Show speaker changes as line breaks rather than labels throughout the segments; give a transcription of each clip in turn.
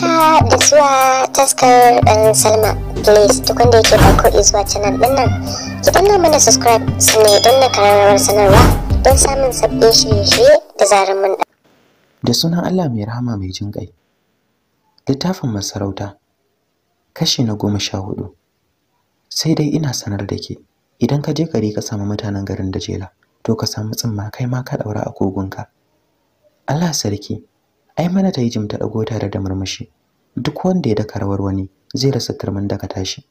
haka ah, da zuwa taskar ɗan um, salma please duk wanda yake farko izuwa canal ɗin nan ki danna mana subscribe sannan don na kararrawar sanarwa don samun sabbin shirye-shirye da zarar mun da sunan allah mai rahama mai jin kai littafin masarauta kashi na goma sha hudu sai dai ina sanar da ke idan ka je gari ka samu mutanen garin da jela to ka samu tsimma kai ma ka ɗaura a kogonka allah sarki ai mana ta yi jim ta ɗago tare da murmushi duk wanda ya daka rawar wani zai rasa turmin daga tashi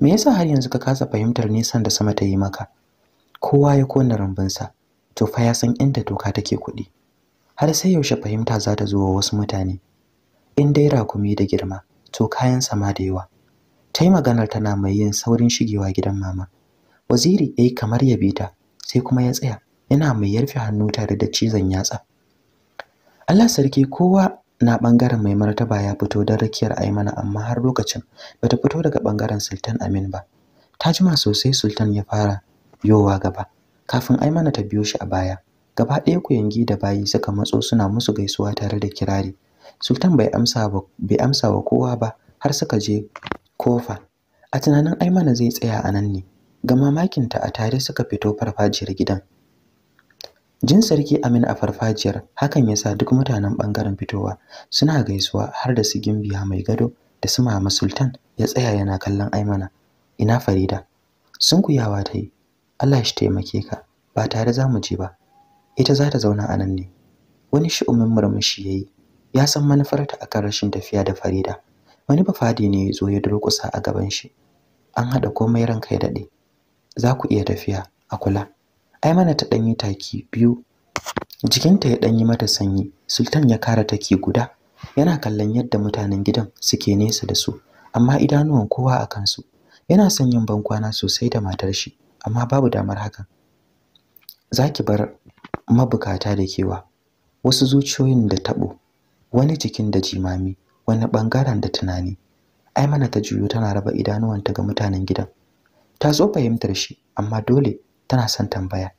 me yasa har yanzu ka kasa fahimtar nisan da sama ta yi maka kowa ya kona sa to fa ya san inda toka take kuɗi har sai yaushe fahimta za ta zo wa wasu mutane in dai rakumi da girma to kayan sama da yawa ta yi maganar tana mai yin saurin shigewa gidan mama waziri ya eh, yi kamar ya bi sai kuma ya tsaya yana mai yarfe hannu tare da cizon yatsa Allah sarki kowa na bangaren mai martaba ya fito don rakiyar Aimana amma har lokacin bata fito daga bangaren Sultan Amin ba. Ta jima sosai Sultan ya fara yowa gaba kafin Aimana ta biyo shi a baya. Gaba ɗaya kuyangi da bayi suka matso suna musu gaisuwa tare da kirari. Sultan bai amsa ba bai amsa wa kowa ba har suka je kofa. A tunanin Aimana zai tsaya a nan ne. Ga mamakinta a tare suka fito farfajiyar gidan. Jin sarki Amin a farfajiyar hakan ya sa duk mutanen ɓangaren fitowa suna gaisuwa har da su Gimbiya mai gado da su Mama Sultan ya tsaya yana kallon Aimana. Ina Farida? Sun Sunkuyawa ta yi. Allah shi taimake ka, ba tare za mu je ba. Ita za ta zauna a nan ne. Wani shi'umin murmushi ya yi, ya san manufarta akan rashin tafiya da Farida. Wani bafadi ne ya zo ya durƙusa a gaban shi. An haɗa komai ranka ya daɗe. Za ku iya tafiya a kula. ai mana ta ɗanyi taki biyu jikinta ya ɗanyi mata sanyi sultan ya kara taki guda yana kallon yadda mutanen gidan suke nesa da su amma idanuwan kowa a kansu yana son yin bankwana sosai da matar shi amma babu damar hakan zaki bar mabukata da kewa wasu zuciyoyin da taɓo wani jikin da jimami wani ɓangaren da tunani ai mana ta juyo tana raba idanuwanta ga mutanen gidan ta zo fahimtar shi amma dole tana son tambaya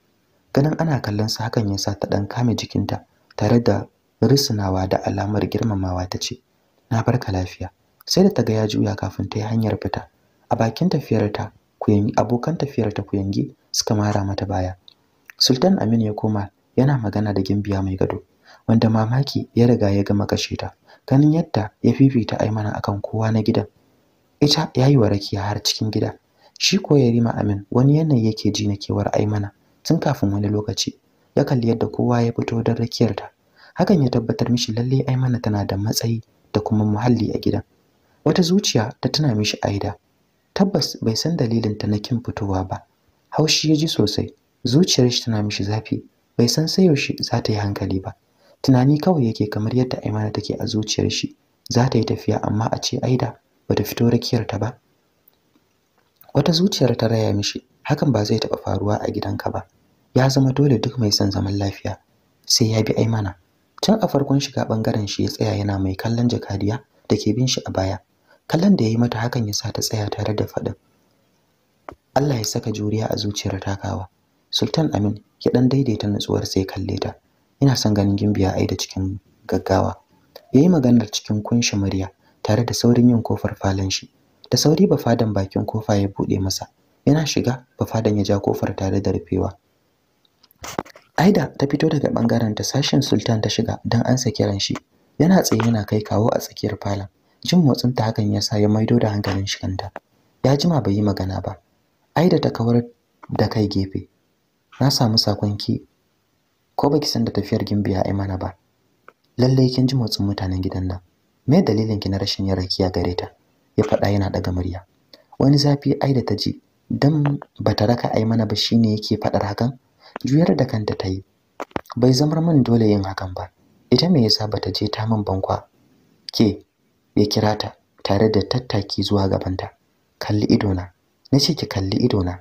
ganin ana kallon sa hakan yasa ta dan kame jikinta tare da risinawa da alamar girmamawa ta ce na barka lafiya sai da ta ga ya juya kafin ta yi hanyar fita a bakin tafiyar ta kuyangi abokan tafiyar ta kuyangi suka mara mata baya sultan amin ya koma yana magana da gimbiya mai gado wanda mamaki ya riga ya gama kashe ta ganin yadda ya fifita aimana akan kowa na gidan ita yayi wa rakiya har cikin gida shi ko yarima amin wani yanayi yake ji na kewar aimana tun kafin wani lokaci ya kalli yadda kowa ya fito don rakiyarta hakan ya tabbatar mishi lalle aimana tana da matsayi da kuma muhalli a gidan wata zuciya ta tuna mishi aida tabbas bai san dalilin ta na kin fitowa ba haushi ya ji sosai zuciyar shi tana mishi zafi bai san sai yaushe za ta yi hankali ba tunani kawai yake kamar yadda aimana take a zuciyar shi za ta yi tafiya amma a ce aida bata fito rakiyar ta ba wata zuciyar ta raya mishi hakan ba zai taɓa faruwa a gidanka ba ya zama dole duk mai son zaman lafiya sai ya bi aimana can a farkon shiga bangaren shi ya tsaya yana mai kallon jakadiya da ke bin shi a baya kallon da ya yi mata hakan ya sa ta tsaya tare da faɗin Allah ya saka juriya a zuciyar takawa Sultan Amin ya dan daidaita nutsuwar sai kalle ta ina son ganin gimbiya ai da cikin gaggawa Ya yi maganar cikin kunshi murya tare da saurin yin kofar falon shi da sauri ba bafadan bakin kofa ya bude masa yana shiga ba bafadan ya ja kofar tare da rufewa Aida ta fito daga bangaren ta sashin Sultan ta shiga dan an saki ran shi yana tsaye yana kai kawo a tsakiyar falon jin motsin ta hakan ya sa ya maido da hankalin shiganta. ya jima bai yi magana ba Aida ta kawar da kai gefe na samu sakonki ko baki san da tafiyar gimbiya ai mana ba lalle kin ji motsin mutanen gidan nan me dalilin ki na rashin yarakiya gare ta ya faɗa yana ɗaga murya wani zafi ai da ta ji dan ta raka ai mana ba shine yake faɗar hakan juyar da kanta ta yi bai zamar min dole yin hakan ba ita me yasa ta je ta min bankwa ke ya kira ta tare da tattaki zuwa gabanta kalli idona na ce ki kalli idona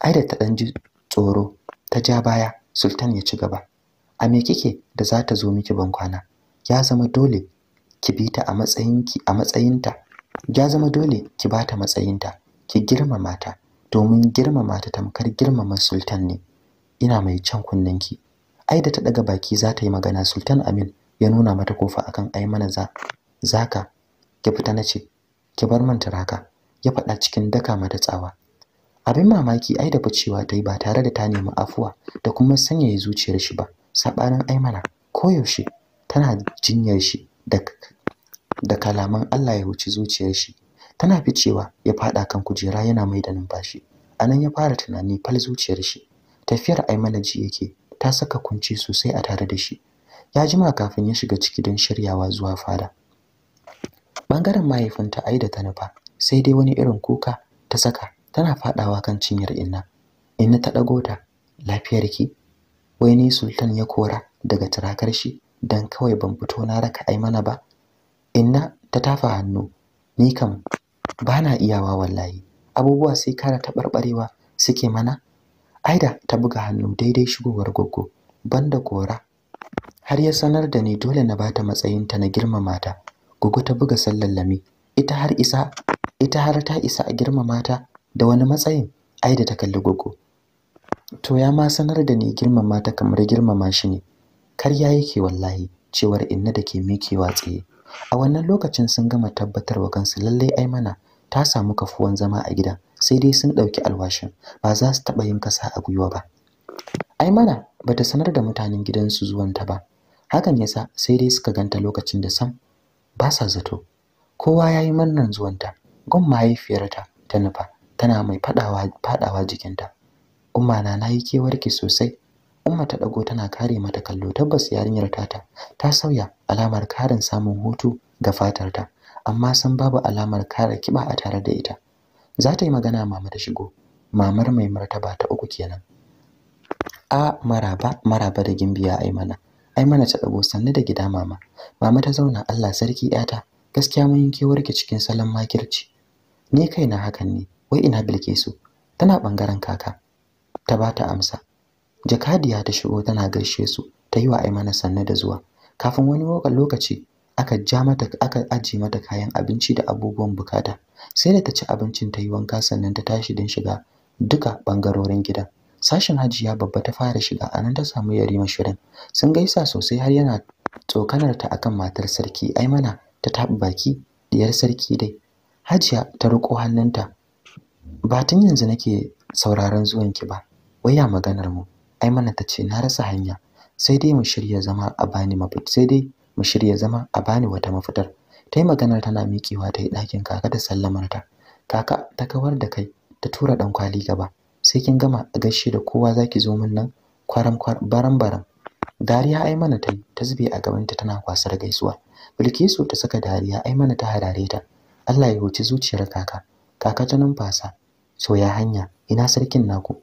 ai da ta ɗan ji tsoro ta ja baya sultan ya ci gaba a me kike da za ta zo miki bankwana ya zama dole ki bi ta a matsayinki a matsayinta ya zama dole ki bata matsayinta ki girmama ta domin girmama ta tamkar girmama sultan ne ina mai can ki. ai da ta daga baki za ta yi magana sultan amin ya nuna mata kofa akan ai mana za zaka ki fita na ce ki bar man turaka ya faɗa cikin daka mata tsawa abin mamaki ai da bacewa ta yi ba tare da ta nemi afuwa da kuma sanyaya zuciyar shi ba sabanin ai mana koyaushe tana jinyar shi da da kalaman Allah ya wuci zuciyar shi tana ficewa ya fada kan kujera yana mai da numfashi anan ya fara tunani fal zuciyar shi tafiyar Aimana ji yake ta saka kunci sosai a tare da shi ya jima kafin ya shiga ciki don shiryawa zuwa fada bangaren mahaifinta Aida ta nufa sai dai wani irin kuka ta saka tana fadawa kan cinyar Inna Inna ta dago ta lafiyarki wai ne sultan ya kora daga turakar shi dan kawai ban fito na raka Aimana ba inna ta tafa hannu ni kam bana iyawa wallahi abubuwa sai kara taɓarɓarewa suke mana aida ta buga hannu daidai shigowar goggo banda kora har ya sanar da ni dole na bata matsayinta na girmama ta gogo ta buga sallallami ita har isa ita har ta isa a girmama ta da wani matsayin aida ta kalli gwaggo to ya ma sanar da ni girmama ta kamar girmama shi ne kar ya yake wallahi cewar inna da ke mikewa tsaye a wannan lokacin sun gama tabbatarwa kansu lallai aimana ta samu kafuwan zama a gidan sai dai sun ɗauki alwashin ba za su taɓa yin kasa a gwiwa ba aimana bata sanar da mutanen gidansu zuwanta ba hakan yasa sai dai suka ganta lokacin da sam ba sa zato kowa ya yi murnar zuwanta gon mahaifiyarta ta nufa tana mai faɗawa jikinta umma na yi kewarki sosai umma ta dago tana kare mata kallo tabbas yarinyar tata ta sauya alamar karin samun hutu ga fatarta, ta amma san babu alamar kare kiba a tare da ita za ta yi magana mama da shigo mamar mai martaba ta uku kenan a maraba maraba da gimbiya ai mana. aimana mana ta dago sannu da gida mama mama ta zauna Allah sarki yata gaskiya mun kewarki cikin salon makirci ni kaina hakan ne wai ina bilkisu tana bangaren kaka ta bata amsa jakadiya ta shigo tana gaishe su ta yi wa aimana sannu da zuwa kafin wani lokaci aka ja mata aka aje mata kayan abinci da abubuwan bukata sai da ta ci abincin ta yi wanka sannan ta tashi don shiga duka bangarorin gidan sashin hajiya babba ta fara shiga anan ta samu yarima shirin sun gaisa sosai har yana tsokanar ta akan matar sarki aimana ta taɓa baki diyar sarki dai hajiya ta riko hannunta ba tun yanzu nake sauraron zuwanki ba waya maganar mu mana ta ce na rasa hanya sai dai mu shirya zama a bani sai dai mu shirya zama a bani wata mafitar ta yi maganar tana miƙewa ta yi ɗakin kaka da sallamar ta kaka ta kawar da kai ta tura ɗan kwali gaba sai kin gama a gaishe da kowa zaki zo min nan kwaram baram baram dariya mana ta ta zube a gabanta tana kwasar gaisuwa bilkisu ta saka dariya ai mana ta harare ta Allah ya huci zuciyar kaka kaka ta numfasa soya hanya ina sarkin naku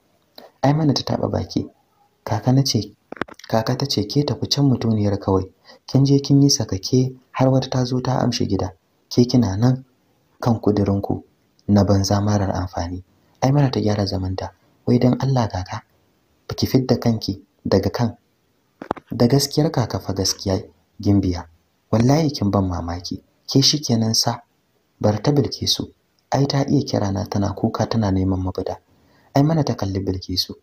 mana ta taba baki kaka na ta ce ke tafi can mutuniyar kawai kin je kin yi sakake har wata ta zo ta amshi gida ke kina nan kan kudirinku na banza marar amfani ai mana ta gyara zamanta wai don Allah kaka baki fidda kanki daga kan da gaskiyar kaka fa gaskiya gimbiya wallahi kin ban mamaki ke shikenan sa bar ta bilkisu ai ta iya kirana tana kuka tana neman mabuda. ai mana ta kalli bilkisu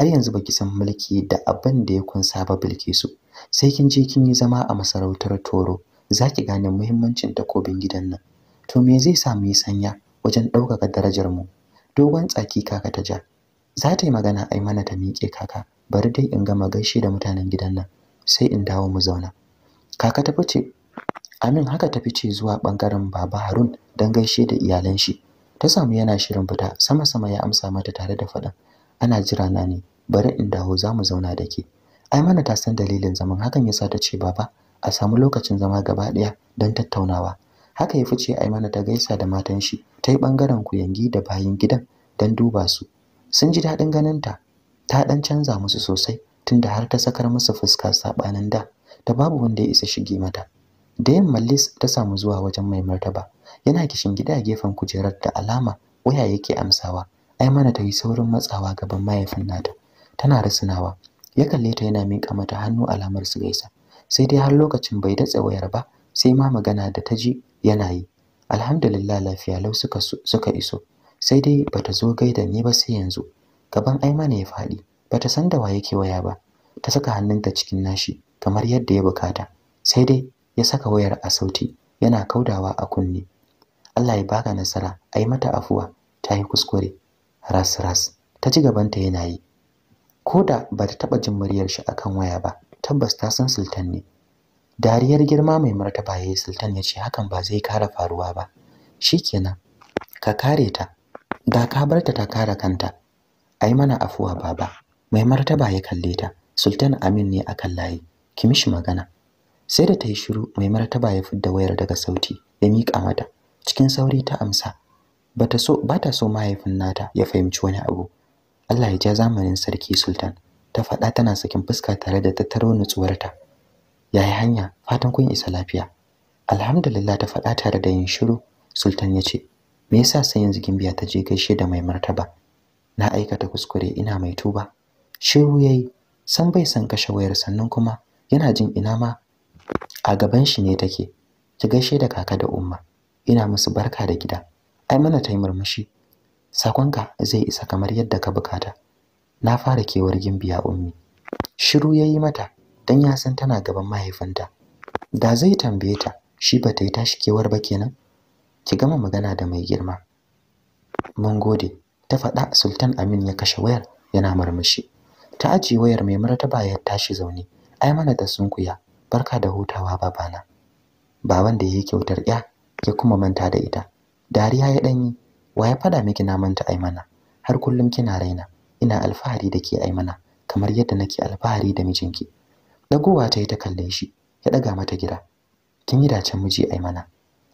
har yanzu baki san mulki da abin da ya kunsa ba Bilkisu sai kin je kin yi zama a masarautar Toro zaki gane muhimmancin takobin gidan nan to me zai sa mu yi sanya wajen ɗaukaka darajar mu dogon tsaki kaka ta ja za ta yi magana ai mana ta miƙe kaka bari dai in gama gaishe da mutanen gidan nan sai in dawo mu zauna kaka ta fice Amin haka ta fice zuwa bangaren Baba Harun don gaishe da iyalan shi. Ta samu yana shirin fita, sama-sama ya amsa mata tare da faɗan. ana jira na ne bari in dawo za mu zauna da ke ai mana ta san dalilin zaman hakan yasa ta ce baba a samu lokacin zama gaba ɗaya don tattaunawa haka ya fice ai mana ta gaisa da matan shi ta yi ɓangaren kuyangi da bayan gidan don duba su sun ji daɗin ganin ta ta ɗan canza musu sosai tunda har ta sakar musu fuska saɓanin da da babu wanda ya isa shige mata da yin mallis ta samu zuwa wajen mai martaba yana kishin gida a gefen kujerar da alama waya yake amsawa Aimana ta yi saurin matsawa gaban mahaifin nata. Tana rasunawa. Ya kalle ta yana miƙa mata hannu alamar su gaisa. Sai dai har lokacin bai datse wayar ba, sai ma magana da ta ji yana yi. Alhamdulillah lafiya lau suka iso. Sai dai bata zo gaida ni ba sai yanzu. Gaban Aimana ya faɗi. Ba ta san da wa yake waya ba. Ta saka hannunta cikin nashi kamar yadda ya bukata. Sai dai ya saka wayar a sauti yana kaudawa a kunne. Allah ya baka nasara, ai mata afuwa, ta yi kuskure. ras ras ta ci gabanta yana yi ko da ba ta taɓa jin muryar shi akan waya ba tabbas ta san sultan ne dariyar girma mai martaba yayi sultan ya ce hakan ba zai kara faruwa ba shikenan ka kare ta da ka barta ta kare kanta ai mana afuwa baba mai martaba ya kalle ta sultan amin ne akan layi ki mishi magana sai da ta yi shiru mai martaba ya fidda wayar daga sauti ya miƙa mata cikin sauri ta amsa bata so bata so mahaifin nata ya fahimci wani abu Allah ya ja zamanin sarki sultan ta faɗa tana sakin fuska tare da tattaro nutsuwarta yayi hanya fatan kun isa lafiya alhamdulillah ta faɗa tare da yin shiru sultan ya ce me yasa sai yanzu gimbiya ta je gaishe da mai martaba na aikata kuskure ina mai tuba shiru yayi san bai san kashe wayar sannan kuma yana jin ina ma a gaban shi ne take ki gaishe da kaka da umma ina musu barka da gida ai mana ta yi murmushi sakonka zai isa kamar yadda ka bukata na fara kewar gimbiya ummi shiru yayi mata dan ya san tana gaban mahaifinta da zai tambaye ta shi ba ta yi tashi kewar ba kenan ki gama magana da mai girma mun gode ta faɗa sultan amin ya kashe wayar yana murmushi ta ajiye wayar mai martaba ya tashi zaune ai mana ta sunkuya barka da hutawa babana baban da yake kyautar ya ya kuma manta da ita dariya ya ɗanyi wa ya faɗa miki na manta aimana har kullum kina raina ina alfahari da ke aimana kamar yadda nake alfahari da mijinki dagowa ta yi ta kalle shi ya ɗaga mata gida kin yi dacen miji aimana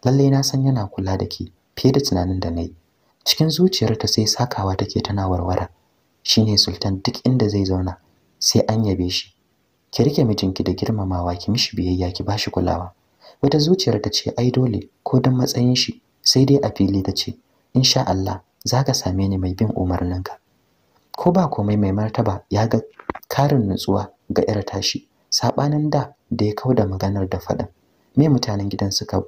lalle na san yana kula da ke fiye da tunanin da na yi. cikin zuciyarta sai sakawa take tana warwara ne sultan duk inda zai zauna sai an yabe shi ki rike mijinki da girmamawa ki mishi biyayya ki bashi kulawa wata zuciyarta ce ai dole ko don matsayin shi sai dai a fili ta ce insha Allah za ka same ni mai bin umarninka ko ba komai mai martaba ya ga karin nutsuwa ga yar tashi sabanin da da ya kauda maganar da faɗin me mutanen gidan suka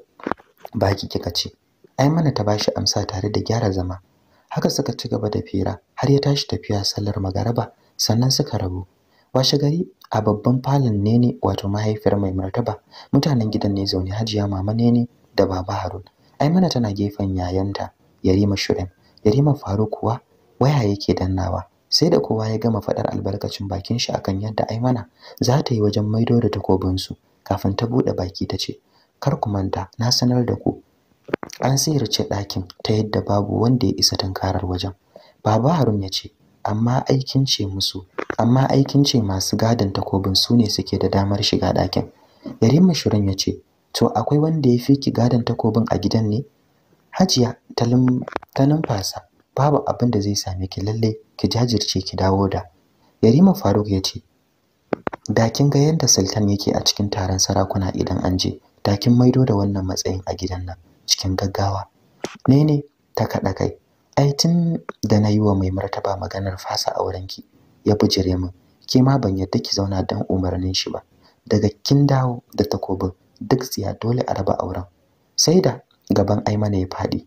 baki kika ce ai mana ta bashi amsa tare da gyara zama haka suka ci gaba da fira har ya tashi tafiya sallar magaraba sannan suka rabu washe gari a babban falon ne ne wato mahaifiyar mai martaba mutanen gidan ne zaune hajiya mama ne ne da baba harun Aimana tana gefen yayanta Yarima Shu'aib Yarima Faruk kuwa waya yake dannawa sai da kowa ya gama faɗar albarkacin bakin shi akan yadda Aimana za ta yi wajen maido da takobinsu kafin ta buɗe baki ta ce kar ku manta na sanar da ku an sirrice ɗakin ta yadda babu wanda ya isa tunkarar wajen baba Harun ya ce amma aikin ce musu amma aikin ce masu gadin takobin su ne suke da damar shiga ɗakin Yarima Shurin ya ce to akwai wanda ya fi ki gadon takobin a gidan ne hajiya ta numfasa babu abin da zai same ki lalle ki jajirce ki dawo da yarima faruk ya ce da kin ga yadda sultan yake a cikin taron sarakuna idan an je da kin maido da wannan matsayin a gidan nan cikin gaggawa ne ne ta kaɗa kai ai tun da na yi wa mai martaba maganar fasa ki ya bujire min ke ma ban yarda ki zauna don umarnin shi ba daga kin dawo da takobin duk tsiya dole a raba auren sai da gaban aimana ya faɗi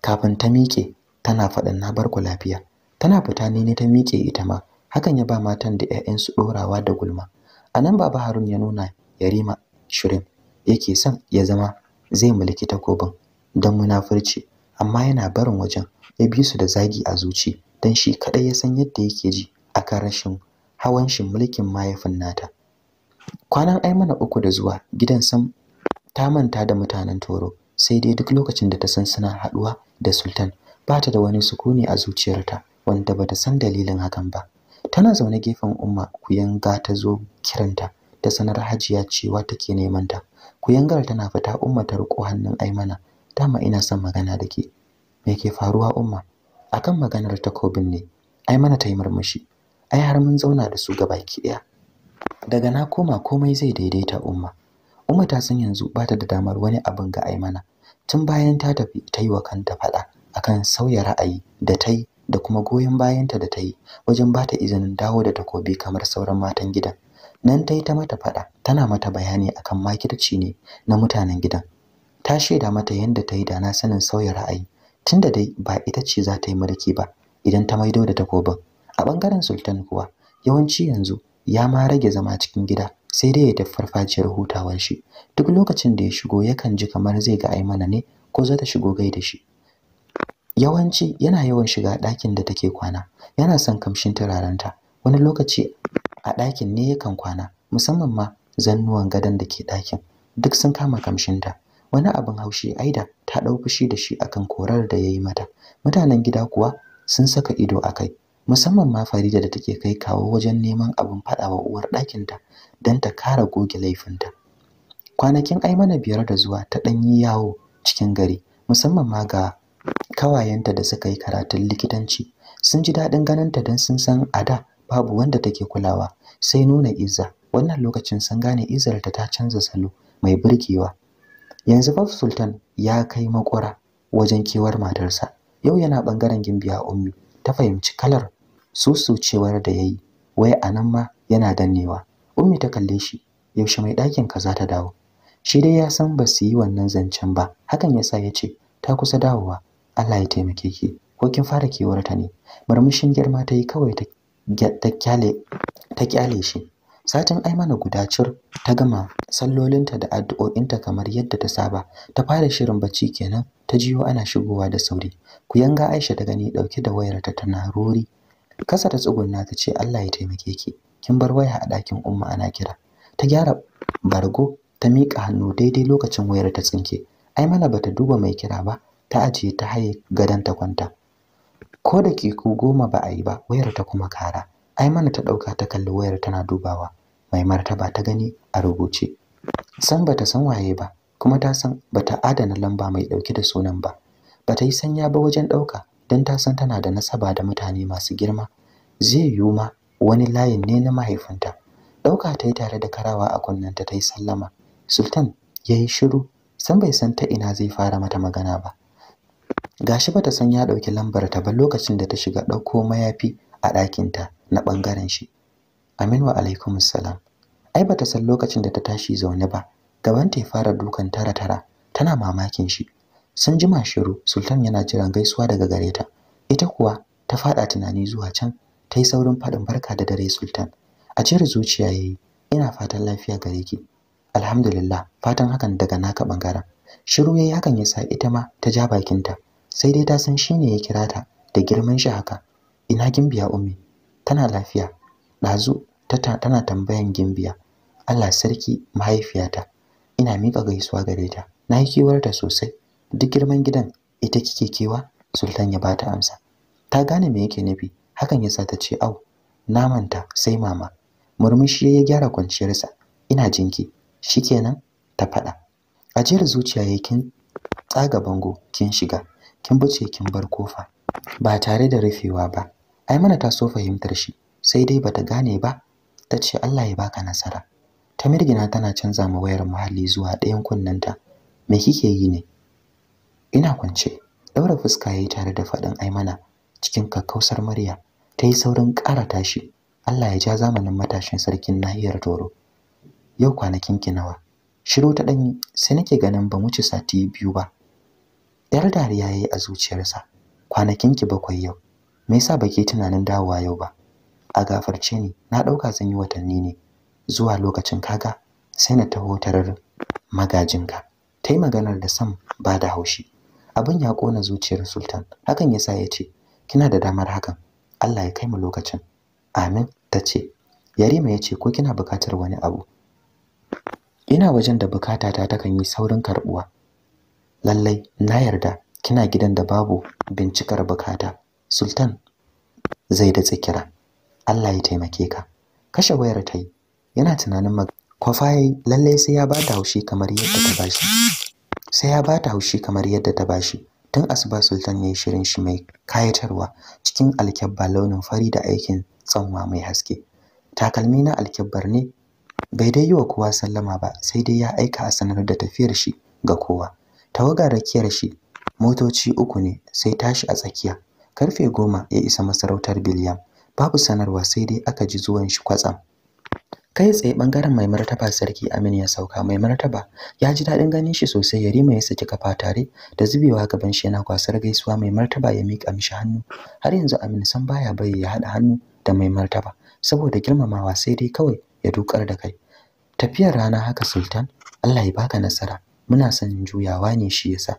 kafin ta miƙe tana faɗin na barku lafiya tana fita ne ne ta miƙe ita ma hakan ya ba matan da 'ya'yansu ɗorawa da gulma a nan baba harun ya nuna yarima shirin yake son ya zama zai mulki takobin don munafurci amma yana barin wajen ya bi su da zagi a zuci don shi kaɗai ya san yadda yake ji akan rashin hawan shi mulkin mahaifin nata kwanan aimana uku da zuwa gidan sam ta manta da mutanen toro sai dai duk lokacin da ta san suna haduwa da sultan ba ta da wani sukuni a zuciyarta wanda bata san dalilin hakan ba tana zaune gefen umma kuyanga ta zo kiranta ta sanar hajiya cewa take neman ta kuyangar tana fita umma ta riko hannun aimana dama ina son magana da ke me ke faruwa umma akan maganar takobin ne aimana ta yi murmushi ai har mun zauna da su baki daya daga na koma komai zai daidaita umma umma ta san yanzu ba ta da damar wani abin ga aimana tun bayan ta tafi ta yi wa kanta faɗa akan sauya ra'ayi da ta yi da kuma goyon bayanta da ta yi wajen ba ta izinin dawo da takobi kamar sauran matan gidan nan ta yi ta mata faɗa tana mata bayani akan makirci ne na mutanen gidan ta shaida mata yadda ta yi da na sanin sauya ra'ayi tun da dai ba ita ce za ta yi mulki ba idan ta maido da takobin a ɓangaren sultan kuwa yawanci yanzu ya ma rage zama cikin gida sai dai ya tafi farfajiyar hutawar shi duk lokacin da ya shigo yakan ji kamar zai ga Aimana ne ko za ta shigo gai da shi yawanci yana yawan shiga ɗakin da take kwana yana son kamshin turarenta wani lokaci a ɗakin ne yakan kwana musamman ma zannuwan gadon da ke ɗakin duk sun kama kamshinta wani abin haushi aida ta ɗau fushi da shi akan korar da ya yi mata mutanen gida kuwa sun saka ido a kai musamman ma Farida da take kai kawo wajen neman abin faɗawa uwar ɗakinta don ta kara goge laifinta. Kwanakin ai mana biyar da zuwa ta yi yawo cikin gari musamman ma ga kawayenta da suka yi karatun likitanci sun ji daɗin ganinta don sun san a da babu wanda take kulawa sai nuna izza wannan lokacin sun gane izzar ta ta canza salo mai burgewa yanzu Bab Sultan ya kai makura wajen kewar matarsa yau yana ɓangaren Gimbiya Ummi ta fahimci kalar susucewar da yayi wai anan ma yana dannewa ummi ta kalle shi yaushe mai ɗakin ka za ta dawo shi dai ya san ba su yi wannan zancen ba hakan ya sa ya ce ta kusa dawowa Allah ya taimake ki ko kin fara ta ne murmushin girma ta yi kawai ta kyale ta kyale shi satin aimana guda cur ta gama sallolinta da addu'o'inta kamar yadda ta saba ta fara shirin bacci kenan ta jiyo ana shigowa da sauri Ku yanga aisha ta gani dauke da wayarta tana rori kasa ta tsugunna ta ce Allah ya taimake ki kin bar waya a ɗakin umma ana kira ta gyara bargo ta miƙa hannu daidai lokacin wayar ta tsinke aimana bata duba mai kira ba ta ajiye ta haye gadon ta kwanta ko da kiku goma ba a yi ba wayar ta kuma kara Ai mana ta ɗauka ta kalli wayar tana dubawa. Mai martaba ta gani a rubuce. San bata san waye ba, kuma ta san bata adana lamba mai ɗauke da sunan ba. Bata yi sanya ba wajen ɗauka don ta san tana da nasaba da mutane masu girma. Zai yiwu ma wani layin ne na mahaifinta. Ɗauka ta yi tare da karawa a kunnenta ta yi sallama. Sultan ya yi shiru, san bai san ta ina zai fara mata magana ba. Gashi bata san ya ɗauki lambar ta ba lokacin da ta shiga ɗauko mayafi a ɗakinta. na bangaren shi Aminu alaikum salam ai bata san lokacin da ta tashi zaune ba gaban ta fara dukan tara tara tana mamakin shi sun jima shiru sultan yana jiran gaisuwa daga gareta. ita kuwa ta fada tunani zuwa can ta yi saurin faɗin barka da dare sultan a cikin zuciya yayi ina fatan lafiya gare ki alhamdulillah fatan hakan daga naka bangaren shiru yayi hakan ya sa ita ma ta ja bakinta sai dai ta san shi ne ya kira ta da girman shi haka ina gimbiya ummi tana lafiya ɗazu tana tambayan gimbiya Allah sarki mahaifiyata ina miƙa gaisuwa gare ta na yi ta sosai duk girman gidan ita kike kewa sultan ya bata amsa ta gane me yake nufi hakan yasa ta ce au na manta sai mama murmushi ya gyara kwanciyarsa ina jinki shikenan ta faɗa ajiyar zuciya yakin tsaga bango kin shiga kin buce kin bar kofa ba tare da rufewa ba Aimana ta so fahimtar shi, sai dai bata gane ba, ta ce Allah ya baka nasara. Ta mirgina tana canza ma wayar muhalli zuwa ɗayan kunnenta. Me kike yi ne? Ina kwance, daura fuska yayi tare da faɗin Aimana cikin kakkausar murya. Ta yi saurin ƙara tashi. Allah ya ja zamanin matashin sarkin nahiyar Toro. Yau kwanakin ki nawa? Shiru ta ɗanyi sai nake ganin ba mu sati biyu ba. Yar dariya yayi a zuciyarsa. Kwanakin ki bakwai yau. me yasa baki tunanin dawowa yau ba a gafarce ni na dauka zan yi watanni ne zuwa lokacin kaga sai na taho tarar magajinka ta yi maganar da sam ba da haushi abin ya kona zuciyar sultan hakan yasa sa ya ce kina da damar hakan allah ya kai mu lokacin amin ta ce yarima ya ce ko kina bukatar wani abu ina wajen da ta takan yi saurin karbuwa lallai na yarda kina gidan da babu bincikar bukata Sultan zai da tsikira. Allah ya taimake ka. Kashe wayar ta yi. Yana tunanin kwafa yayi lalle sai ya bata haushi kamar yadda ta bashi. Sai ya bata haushi kamar yadda ta bashi. Tun asuba Sultan ya yi shirin shi mai kayatarwa cikin alkyabba launin fari da aikin tsanwa mai haske. Takalmi na alkyabbar ne bai dai yi wa kowa sallama ba sai dai ya aika a sanar da tafiyar shi ga kowa. Tawagar rakiyar shi motoci uku ne sai tashi a tsakiya karfe goma ya isa masarautar biliyam babu sanarwa sai dai aka ji zuwan shi kwatsam kai tsaye bangaren mai martaba sarki Aminu ya sauka mai martaba ya ji daɗin ganin shi sosai ya rima ya saki kafa tare da zubewa gaban shi yana kwasar gaisuwa mai martaba ya miƙa mishi hannu har yanzu Aminu san baya bai ya haɗa hannu da mai martaba saboda girmamawa sai dai kawai ya dukar da kai tafiyar rana haka sultan Allah ya baka nasara muna son juyawa ne shi yasa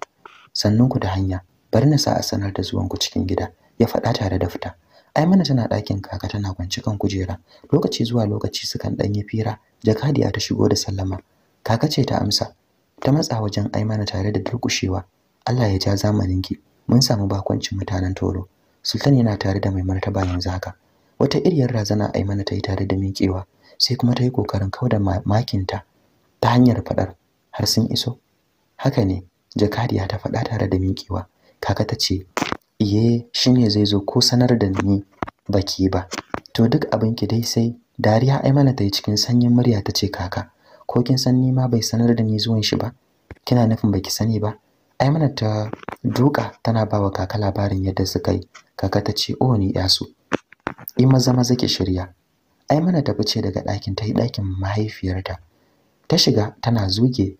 sannan ku da hanya bari na sa a sanar da zuwanku cikin gida ya faɗa tare da fita ai mana tana ɗakin kaka tana kwance kan kujera lokaci zuwa lokaci sukan ɗanyi fira jakadiya ta shigo da sallama kaka ce ta amsa ta matsa wajen aimana tare da durƙushewa Allah ya ja zamanin ki, mun samu bakoncin mutanen toro sultan yana tare da mai martaba yanzu haka wata iriyar razana aimana ta yi tare da miƙewa sai kuma ta yi ƙoƙarin kauda makinta ta hanyar faɗar har sun iso haka ne jakadiya ta faɗa tare da miƙewa kaka ta ce iye shine zai zo ko sanar da ni baki ba to duk abin ki dai sai dariya ai mana ta yi cikin sanyin murya ta ce kaka ko kin san ni ma bai sanar da ni zuwan shi ba kina nufin baki sani ba ai mana ta duka tana bawa kaka labarin yadda suka yi kaka ta ce oh ni yasu in maza maza ki shirya ai mana ta fice daga ɗakin ta yi ɗakin mahaifiyarta ta shiga tana zuge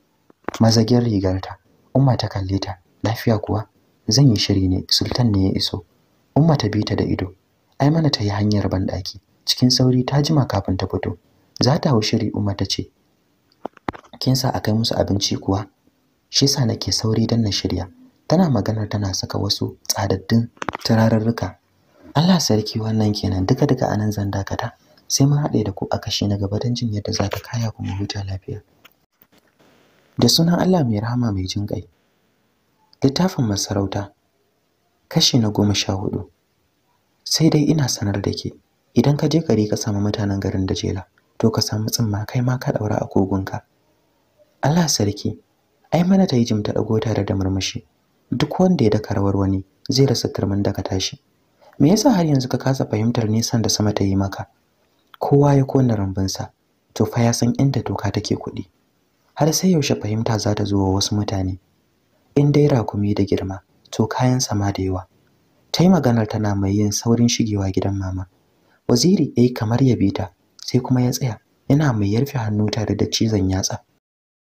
mazagin rigarta umma ta kalle ta lafiya kuwa zan yi shiri ne sultan ne ya iso umma ta bi ta da ido ai mana ta yi hanyar banɗaki cikin sauri ta jima kafin ta fito za ta hau shiri umma ta ce kin sa akai musu abinci kuwa shi yasa nake sauri dan na shirya tana maganar tana saka wasu tsadaddun turarurruka Allah sarki wannan kenan duka duka anan zan dakata sai mun haɗe da ku a kashi na gaba don jin yadda za ta kaya kuma huta lafiya da sunan Allah mai rahama mai jin ƙai littafin masarauta kashi na goma sha hudu sai dai ina sanar da ke idan ka je gari ka samu mutanen garin da jela to ka samu tsimma kai ma ka ɗaura a kogonka Allah sarki ai mana ta yi jim ta dago tare da murmushi duk wanda ya daka rawar wani zai rasa turmin daga tashi me yasa har yanzu ka kasa fahimtar nisan da sama ta yi maka kowa ya kona rumbunsa to fa ya san inda toka take kuɗi har sai yaushe fahimta za ta zo wa wasu mutane in dai rakumi da girma to kayan sama da yawa tai maganar tana mai yin saurin shigewa gidan mama waziri ya kamar ya bi ta sai kuma ya tsaya yana mai yarfe hannu tare da cizon yatsa